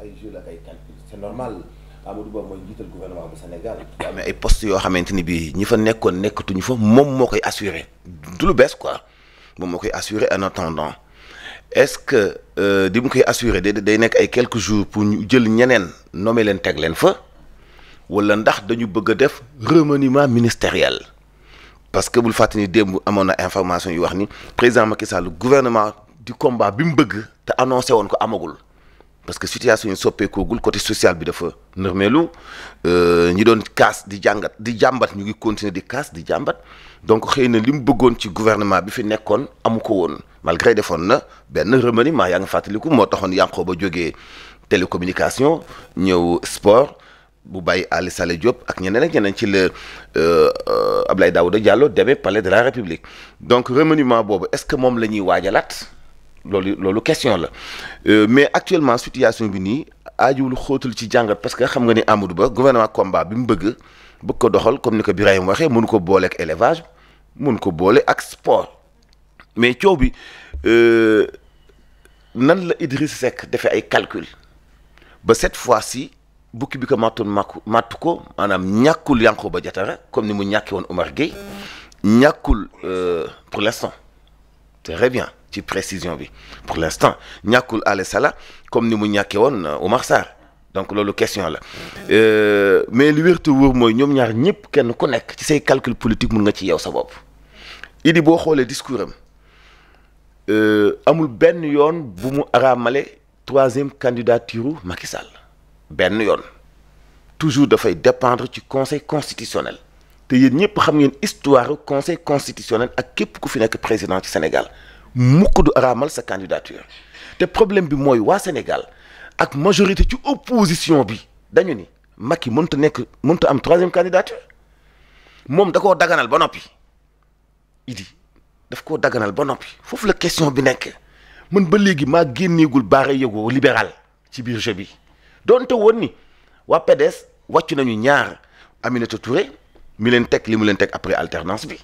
ay jeu la ak Sénégal. amee ay postes yoo xamante ni bii ñi fa nekkoon nekkatuñu fa moom moo koy assuré du lu bees quoi moom moo koy assuré en attendant est-ce que euh, di mu koy assuré day day nekk ay quelques jours pour ñu jël ñeneen nommé leen teg leen fa walla ndax dañu bëgg a def remaniement ministériel. parce que bul fàttali ni démb amoon na information yu wax ni président Macky Sall gouvernement di combat bi mu bëgg te annoncé woon ko amagul. parce que situation yi soppeekoogul côté social bi dafa nërmeelu euh, ñi doon kaas di jàngat di jàmbat ñu ngi continuer di kaas di jàmbat donc xëy na li mu bëggoon ci gouvernement bi fi nekkoon amu ko woon malgré defoon na benn remaniement yaa ngi fàttaliku moo taxoon Yankhoba jógee télécommunication ñëw sport bu bàyyi Ali Sale Diop ak ñeneen ak ñeneen ci la euh, Ablaye Daouda Diallo demee palais de la République donc remaniement boobu est-ce que moom la ñuy waajalaat loolu loolu question la euh, mais actuellement situation bi nii aajuwul xootul ci jàngat parce que xam nga ni Amadou Ba gouvernement combat bi mu bëgg bëgg ko doxal comme ni ko Birahim waxee mënu ko boole ak élevage mun ko boole ak sport mais coow bi euh, nan la Idriss Seck defee ay calcul ba cette fois si bukki bi ko màttoon màkku màttu ko maanaam ñàkkul ba Diattara comme ni mu ñàkkee woon Omar Gueye ñàkkul euh, pour l'instant très bien ci précision bi pour l'instant ñàkkul Alé Sala comme ni mu ñàkkee woon euh, au Sarr donc loolu question la euh, mais li wértu wóor mooy ñoom ñaar ñëpp kenn ku nekk ci say calcule politique mun nga ci yow sa bopp Idi boo xoolee discours am euh, amul benn yoon bu mu araamale troisième candidature Macky Sall benn yoon toujours dafay dépendre ci conseil constitutionnel te yéen ñëpp xam ngeen histoire conseil constitutionnel ak képp ku fi nekk président ci Sénégal mukk du araamal sa candidature te problème bi mooy waa Sénégal ak majorité ci opposition bi dañu ni Macky mënta nekk mënta am troisième candidature moom da koo daganal ba noppi idi daf koo daganal ba noppi foofu la question bi nekk man ba léegi maa génneegul baare yëgoo libéral ci biir jeu bi donte won ni waa PDS wàccu nañu ñaar Aminata Touré mi leen teg li mu leen teg après alternance bi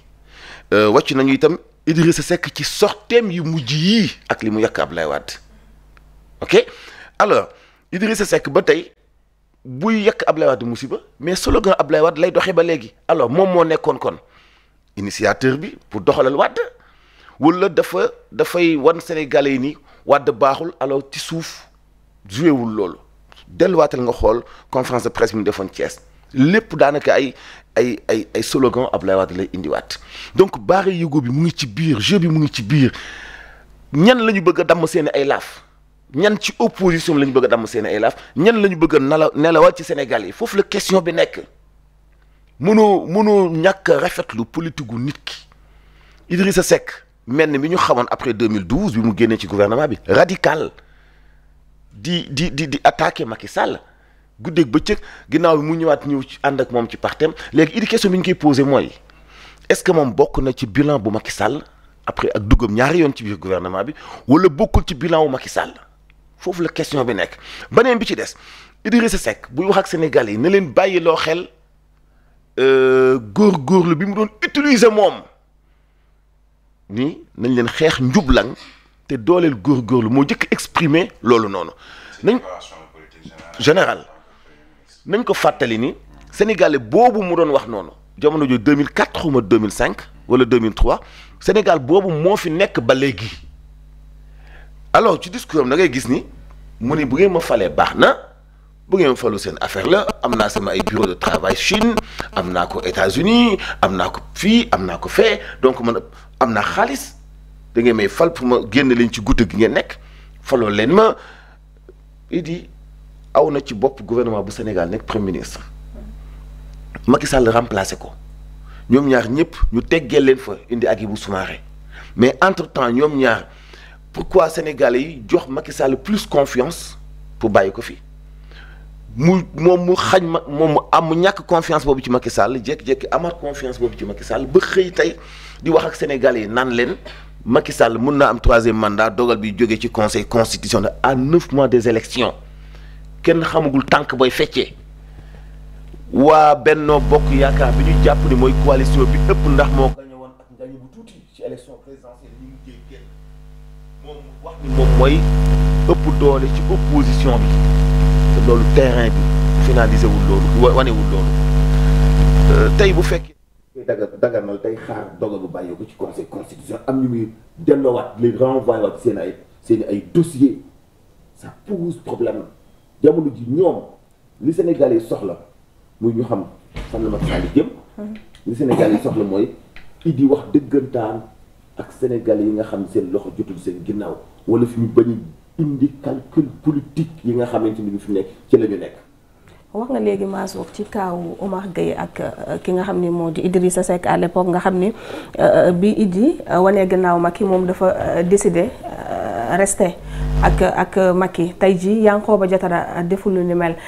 euh, wàcc nañu itam Idrissa sekk ci sorteem yu mujj yii ak li mu yàq Ablaye Wade ok alors Idrissa sekk ba tey buy yekk yàq Ablaye Wade musiba mais slogan Ablaye Wade lay doxee ba léegi alors moom moo nekkoon kon initiateur bi pour doxalal Wade wala dafa dafay wan Sénégalais yi nii Wade baaxul alors ci suuf joué wul loolu delluwaatal nga xool conférence de presse mu defoon Thiès. lépp daanaka ay ay ay ay slogan Abdoulaye Wade la indiwaat donc baare yëgoo bi mu ngi ci biir jeu bi mu ngi ci biir ñan lañu bëgg a damm seen ay laaf ñan ci opposition bi la ñu bëgg a damm seen ay laaf ñan la ñu bëgg a nala nelawal ci Sénégal yi foofu la question bi nekk mënoo mënoo ñàkk rafetlu politique gu nit ki Idrissa Seck mel ni bi ñu xamoon après 2012 bi mu génnee ci gouvernement bi radical di di di di attaqué Macky Sall guddeeg bëccëg ginnaaw bi mu ñëwaat ñëw ci ànd ak moom ci partem léegi idi question bi ñu koy posé mooy est-ce que moom bokk na ci bilan bu Macky sàll après ak duggam ñaari yoon ci biir gouvernement bi wala bokkul ci bilan wu Macky Sall foofu la question bi nekk beneen bi ci des Idrissa Seck buy wax ak Sénégal yi na leen bàyyi loo xel góor euh, góorgóorlu bi mu doon utiliser moom ni nañ leen xeex njublang te dooleel góor góorgóorlu moo njëkk exprimer loolu noonu nañ général nañ ko fàttali ni sénégalais boobu mu doon wax noonu jamono jooju 2004 xuma 2005 wala 2003 Sénégal boobu moo fi nekk ba léegi alors ci discours am na ngay gis ni mu ni bu ngeen ma falee baax na bu ngeen ma falu seen affaire la am naa sama ay bureau de travail Chine am naa ko États-Unis am naa ko fii am naa ko fee donc man am naa xaalis da ngeen may fal pour ma génn leen ci guddi gi ngeen nekk faloo leen ma it aw na ci bopp gouvernement bu Sénégal nekk premier ministre Macky Sall remplacé ko ñoom ñaar ñëpp ñu teggee leen fa indi bu Soumaré mais entre temps ñoom ñaar pour pourquoi Sénégalais yi jox Macky Sall plus confiance pour bàyyi ko fii mu moom mu xañ ma moom mu am mu ñàkk confiance boobu ci Macky Sall jékki-jékki amaat confiance boobu ci Macky Sall ba xëy tey di wax ak Sénégalais yi naan leen Macky mun naa am troisième mandat dogal bi jógee ci conseil constitutionnel à neuf mois des élections kenn xamagul tànk booy feccee waa Benno Bokk Yaakaar bi ñu jàpp ni mooy coalition bi ëpp ndax moo gañe woon ak gañe bu tuuti ci élection présidentielle ñu ngi moom wax ni moom mooy ëpp doole ci opposition bi loolu terrain bi finalisé wul loolu wanewul loolu euh, tey bu fekkee daga daganal tey xaar dogal bu bàyyi ko ci conseil constitutionnel am ñu muy delloowaat li renvoyé waat seen ay seen ay dossier ça pose problème jamono ji ñoom li Sénégal yi soxla muy ñu xam fan la Macky Sall jëm li Sénégal yi soxla mooy idi wax dëggantaan ak Sénégal yi nga xam seen loxo jotul seen ginnaaw wala fi ñu bañ indi calcul politique yi nga xamante ni bi fi nekk ci la nekk wax nga léegi Mansour ci kaaw Omar Gueye ak euh, ki nga xam ni moo di Idrissa Seck à l'époque nga xam ni euh, bi Idi euh, wanee gannaaw Macky moom dafa décidé rester ak ak Macky tey jii Yankhoba Diattara deful lu ni mel.